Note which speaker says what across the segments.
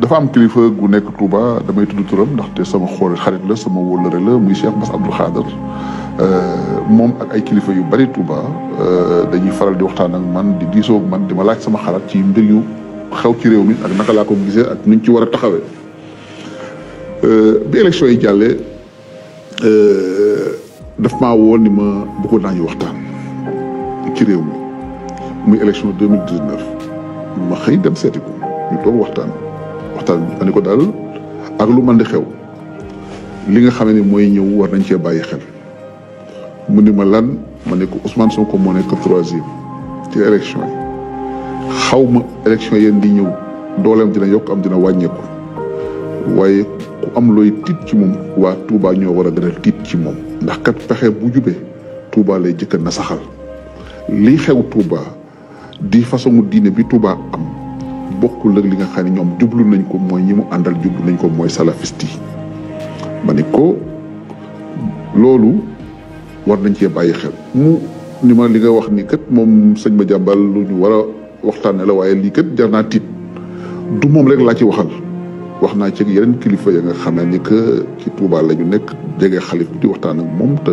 Speaker 1: dafa am kilifa gu nekk Touba damay tudd turam ndaxte sama xool xarit la sama wóllare la muy Cheikh Bass Abdou Khader euh, moom ak ay kilifa yu bari Touba euh, dañuy faral di waxtaan ak man di diisoo man di ma laaj sama xalaat ci mbir yu xew ci réew mi ak naka laa ko gisee ak nuñ ci war a taxawee. Euh, bi élection yi jàllee daf maa woo ni ma bëggoon naa ñu waxtaan ci réew mi muy élection 2019 ma xëy dem seeti ko ñu toog waxtaan. waxtaan ani ko daal ak lu man di xew li nga xam ne mooy ñëw war nañ cee bàyyi xel mu ni ma lan ma ne ko Ousmane Sonko moo nekk troisième ci élection yi xaw ma élection yéen di ñëw dooleem dina yokk am dina wàññeeku waaye ku am looy tiit ci moom waa Touba ñoo war a gën a ci moom. ndax kat pexe bu jubee Touba lay jëkk na saxal lii xew Touba di façon diine bi tuuba am. bokkul ak li nga xam ne ñoom jublu nañ ko mooy ñi mu àndal jublu nañ ko mooy salafiste yi ma ne ko loolu war nañ cee bàyyi xel mu ni ma li nga wax ni kat moom sëñ ma jàmbal lu ñu war a waxtaane la waaye lii kat jar naa tiit du moom rek laa ci waxal wax naa ci yeneen kilifa ya nga xam xamee ni que ci Touba lañu nekk jege xalif di waxtaan ak moom te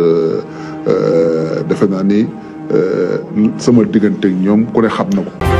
Speaker 1: euh, defe naa ni euh, sama diggante ñoom ku xam na ko